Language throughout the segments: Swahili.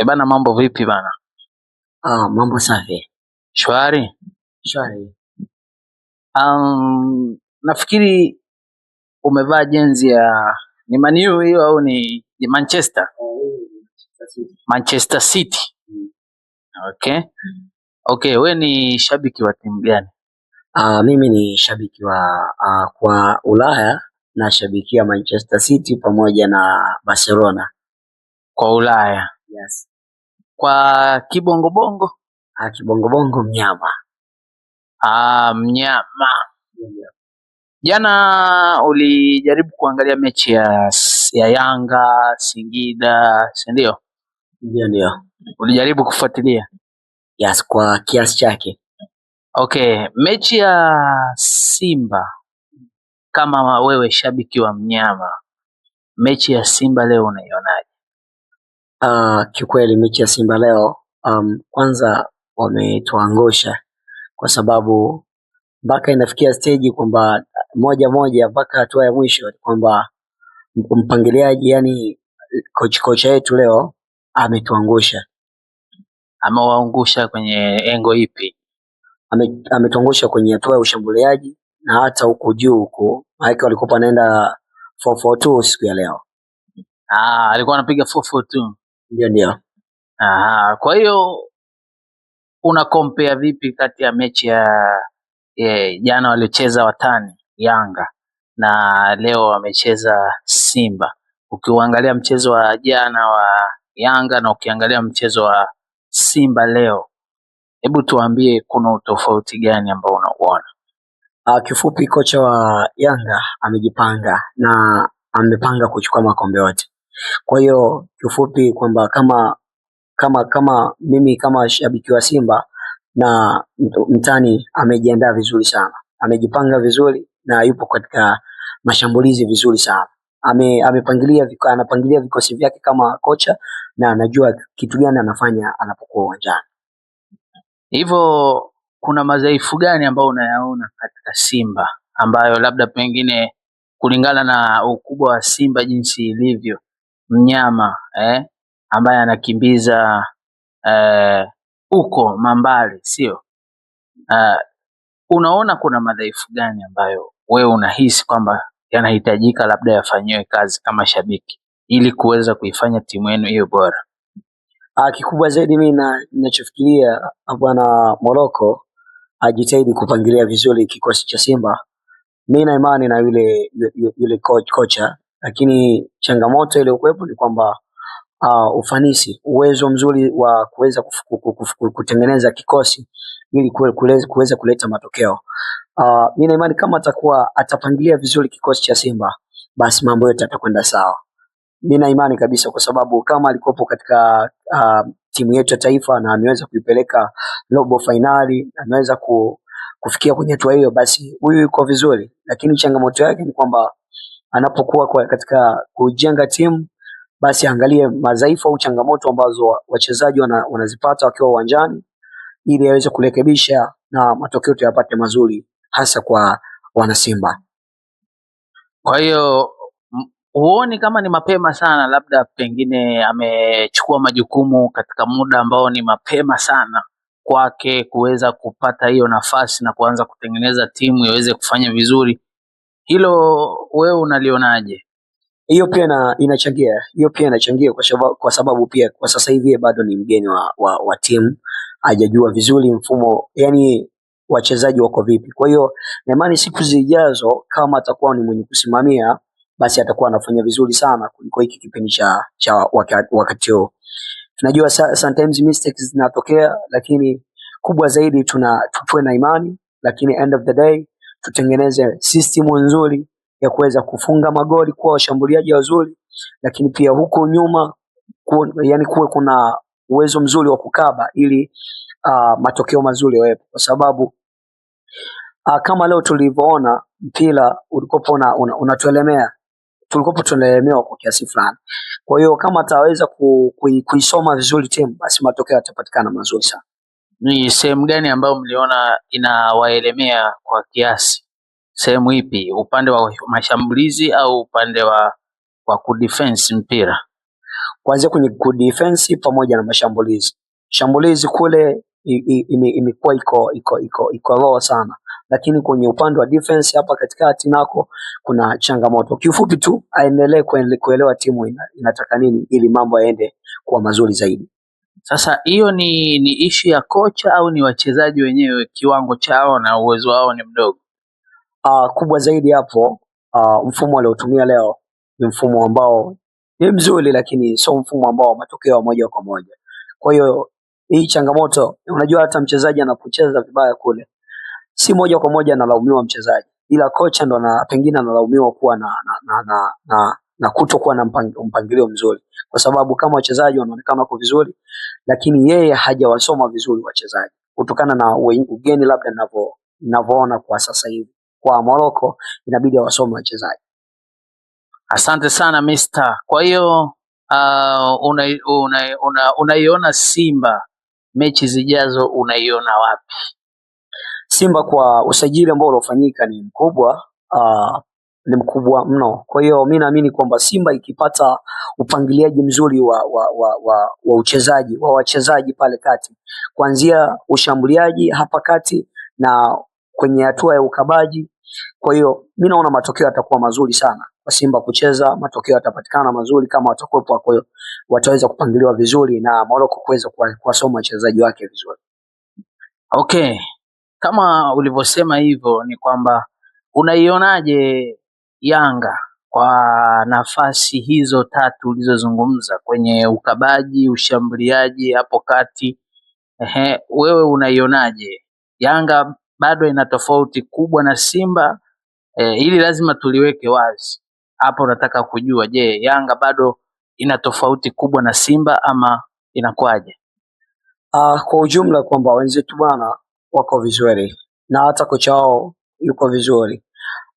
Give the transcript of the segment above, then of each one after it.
E bana, mambo vipi bana? Ah, mambo safi. Shwari? Shwari. Um, nafikiri umevaa jenzi ya ni Man U hiyo au ni Manchester? Manchester City. Okay. Okay, we ni shabiki wa timu gani? Uh, mimi ni shabiki wa uh, kwa Ulaya na Manchester City pamoja na Barcelona. Kwa Ulaya? Yes. Kwa kibongobongo ah, kibongobongo mnyama ah, mnyama jana ulijaribu kuangalia mechi ya, ya Yanga Singida, si ndio? Ndio, ndio. Ulijaribu kufuatilia Yes, kwa kiasi chake. Okay, mechi ya Simba kama wewe shabiki wa mnyama, mechi ya Simba leo unaionaje? Ah, kiukweli mechi ya Simba leo um, kwanza wametuangusha kwa sababu mpaka inafikia steji kwamba moja moja mpaka hatua ya mwisho kwamba mpangiliaji yani kocha yetu leo ametuangusha. Amewaangusha kwenye engo ipi? Ame- ametuangusha kwenye hatua ya ushambuliaji na hata huku juu huku, maanake walikuwa anaenda 442 siku ya leo. Ah, alikuwa anapiga 442. Ndio, ndio. Aha, kwa hiyo una compare vipi kati ya mechi ya jana waliocheza watani Yanga na leo wamecheza Simba? Ukiuangalia mchezo wa jana wa Yanga na ukiangalia mchezo wa Simba leo, hebu tuambie kuna utofauti gani ambao unauona? Ah, kifupi, kocha wa Yanga amejipanga na amepanga kuchukua makombe yote kwa hiyo kiufupi kwamba kama kama kama mimi kama shabiki wa Simba na mtani amejiandaa vizuri sana, amejipanga vizuri na yupo katika mashambulizi vizuri sana. Ame, amepangilia anapangilia vikosi vyake kama kocha na anajua kitu gani anafanya anapokuwa uwanjani. Hivyo kuna madhaifu gani ambayo unayaona katika Simba ambayo labda pengine kulingana na ukubwa wa Simba jinsi ilivyo mnyama eh, ambaye anakimbiza eh, uko mambali, sio eh, unaona kuna madhaifu gani ambayo wewe unahisi kwamba yanahitajika labda yafanyiwe kazi kama shabiki ili kuweza kuifanya timu yenu hiyo bora? Ah, kikubwa zaidi mi ninachofikiria bwana Moroko ajitahidi kupangilia vizuri kikosi cha Simba. Mi na imani na yule yule kocha lakini changamoto iliyokuwepo ni kwamba uh, ufanisi, uwezo mzuri wa kuweza kutengeneza kikosi ili kuweza kuleta matokeo. Uh, mimi na imani kama atakuwa atapangilia vizuri kikosi cha Simba, basi mambo yote yatakwenda sawa. Mimi na imani kabisa, kwa sababu kama alikuwepo katika uh, timu yetu ya taifa na ameweza kuipeleka robo fainali, ameweza ku, kufikia kwenye hatua hiyo, basi huyu yuko vizuri, lakini changamoto yake ni kwamba anapokuwa katika kujenga timu, basi angalie madhaifu au changamoto ambazo wachezaji wana, wanazipata wakiwa uwanjani ili aweze kurekebisha na matokeo tuyapate mazuri hasa kwa wanasimba. Kwa hiyo huoni kama ni mapema sana, labda pengine amechukua majukumu katika muda ambao ni mapema sana kwake kuweza kupata hiyo nafasi na kuanza kutengeneza timu iweze kufanya vizuri hilo wewe unalionaje? Hiyo pia na inachangia, hiyo pia inachangia kwa sababu, kwa sababu pia kwa sasa hivi bado ni mgeni wa, wa, wa timu hajajua vizuri mfumo yani wachezaji wako vipi. Kwa hiyo naimani siku zijazo kama atakuwa ni mwenye kusimamia basi atakuwa anafanya vizuri sana kuliko hiki kipindi cha cha wakati huo. Tunajua sometimes mistakes zinatokea, lakini kubwa zaidi tuna tuwe na imani, lakini end of the day tutengeneze system nzuri ya kuweza kufunga magoli, kuwa washambuliaji wazuri, lakini pia huko nyuma kuwe yani kuwe kuna uwezo mzuri wa kukaba ili uh, matokeo mazuri yawepo, kwa sababu uh, kama leo tulivyoona mpira ulikopo unatuelemea una, una tulikopo tunaelemewa kwa kiasi fulani. Kwa hiyo kama ataweza kuisoma vizuri timu, basi matokeo yatapatikana mazuri sana. Ni sehemu gani ambayo mliona inawaelemea kwa kiasi? Sehemu ipi? Upande wa mashambulizi au upande wa kudefense mpira? Kuanzia kwenye kudefense pamoja na mashambulizi. Shambulizi kule imekuwa iko iko iko iko roho sana, lakini kwenye upande wa defense hapa katikati nako kuna changamoto. Kiufupi tu aendelee kuelewa timu inataka nini ili mambo yaende kuwa mazuri zaidi. Sasa hiyo ni ni ishu ya kocha au ni wachezaji wenyewe kiwango chao na uwezo wao ni mdogo? Uh, kubwa zaidi hapo uh, mfumo aliotumia leo ni mfumo ambao ni mzuri, lakini sio mfumo ambao matokeo moja kwa moja. Kwa hiyo hii changamoto, unajua hata mchezaji anapocheza vibaya kule, si moja kwa moja analaumiwa mchezaji, ila kocha ndo na pengine analaumiwa kuwa na, na, na, na, na na kutokuwa na mpangilio mzuri, kwa sababu kama wachezaji wanaonekana wako vizuri, lakini yeye hajawasoma vizuri wachezaji kutokana na ugeni labda ninavyoona kwa sasa hivi kwa Morocco, inabidi awasome wachezaji. Asante sana Mister. Kwa hiyo uh, unaiona una, una, una Simba mechi zijazo unaiona wapi? Simba kwa usajili ambao uliofanyika ni mkubwa uh, ni mkubwa mno. Kwa hiyo mi naamini kwamba Simba ikipata upangiliaji mzuri wa, wa, wa, wa, wa uchezaji wa wachezaji pale kati, kuanzia ushambuliaji hapa kati na kwenye hatua ya ukabaji. Kwa hiyo mi naona matokeo yatakuwa mazuri sana kwa Simba kucheza, matokeo yatapatikana mazuri kama watakuwepo, kwa hiyo wataweza kupangiliwa vizuri na Morocco kuweza kuwasoma wachezaji wake vizuri. Okay, kama ulivyosema hivyo, ni kwamba unaionaje Yanga kwa nafasi hizo tatu ulizozungumza kwenye ukabaji, ushambuliaji hapo kati. Ehe, wewe unaionaje? Yanga bado ina tofauti kubwa na Simba e, ili lazima tuliweke wazi hapo. Nataka kujua, je, Yanga bado ina tofauti kubwa na Simba ama inakuwaje? Uh, kwa ujumla kwamba wenzetu bwana wako vizuri na hata kocha wao yuko vizuri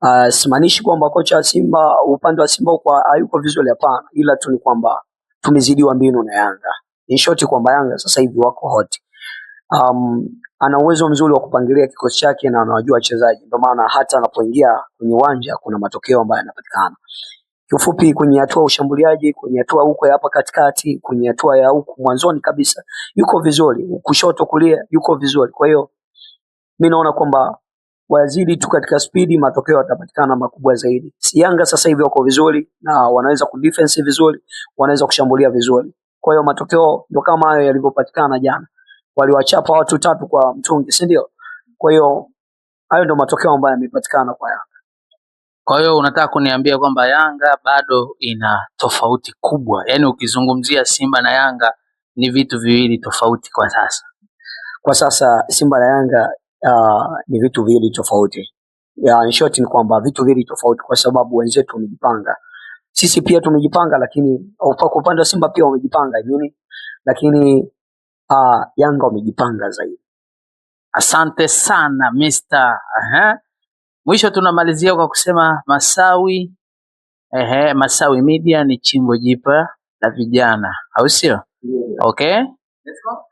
Uh, simaanishi kwamba kocha wa Simba upande wa Simba kwa hayuko vizuri, hapana, ila tu ni kwamba tumezidiwa mbinu na Yanga. In short kwamba Yanga sasa hivi wako hot. Um, ana uwezo mzuri wa kupangilia kikosi chake na anawajua wachezaji, ndio maana hata anapoingia kwenye uwanja kuna matokeo ambayo yanapatikana. Kiufupi, kwenye hatua ya ushambuliaji, kwenye hatua huko ya hapa katikati, kwenye hatua ya huku mwanzoni kabisa yuko vizuri, kushoto kulia yuko vizuri. Kwa hiyo mimi naona kwamba wazidi tu katika spidi, matokeo yatapatikana makubwa zaidi. Si Yanga sasa hivi wako vizuri na wanaweza kudefense vizuri, wanaweza kushambulia vizuri. Kwa hiyo matokeo ndio kama hayo yalivyopatikana jana, waliwachapa watu tatu kwa mtungi, si ndio? Kwa hiyo hayo ndio matokeo ambayo yamepatikana kwa Yanga. Kwa hiyo unataka kuniambia kwamba Yanga bado ina tofauti kubwa, yaani ukizungumzia Simba na Yanga ni vitu viwili tofauti kwa sasa. Kwa sasa Simba na Yanga uh, ni vitu viwili tofauti. Yeah, in short ni kwamba vitu viwili tofauti kwa sababu wenzetu wamejipanga. Sisi pia tumejipanga lakini kwa upande wa Simba pia wamejipanga nini? Lakini uh, Yanga wamejipanga zaidi. Asante sana Mr. Aha. Mwisho tunamalizia kwa kusema Masawi ehe, Masawi Media ni chimbo jipa la vijana, au sio? Yeah. Okay? Let's go.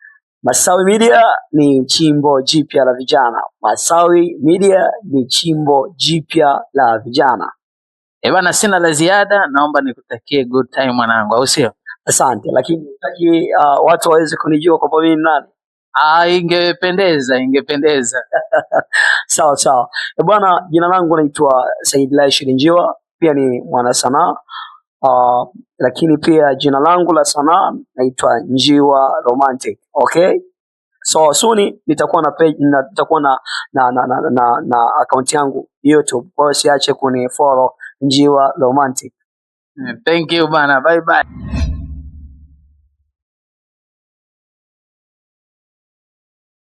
Masawi Media ni chimbo jipya la vijana. Masawi Media ni chimbo jipya la vijana. Eh, bana sina la ziada, naomba nikutakie good time mwanangu, au sio? Asante, lakini nataki uh, ah, watu waweze kunijua kwa mimi ni nani. Ah, ingependeza, ingependeza. Sawa sawa. Eh, bwana, jina langu naitwa Said Lai Shirinjiwa, pia ni mwanasanaa Uh, lakini pia jina langu la sanaa naitwa Njiwa Romantic. Okay? So suni nitakuwa na page na nitakuwa na na na, na, na, na account yangu YouTube. Kwa hiyo siache kunifollow Njiwa Romantic. Thank you bana. Bye bye.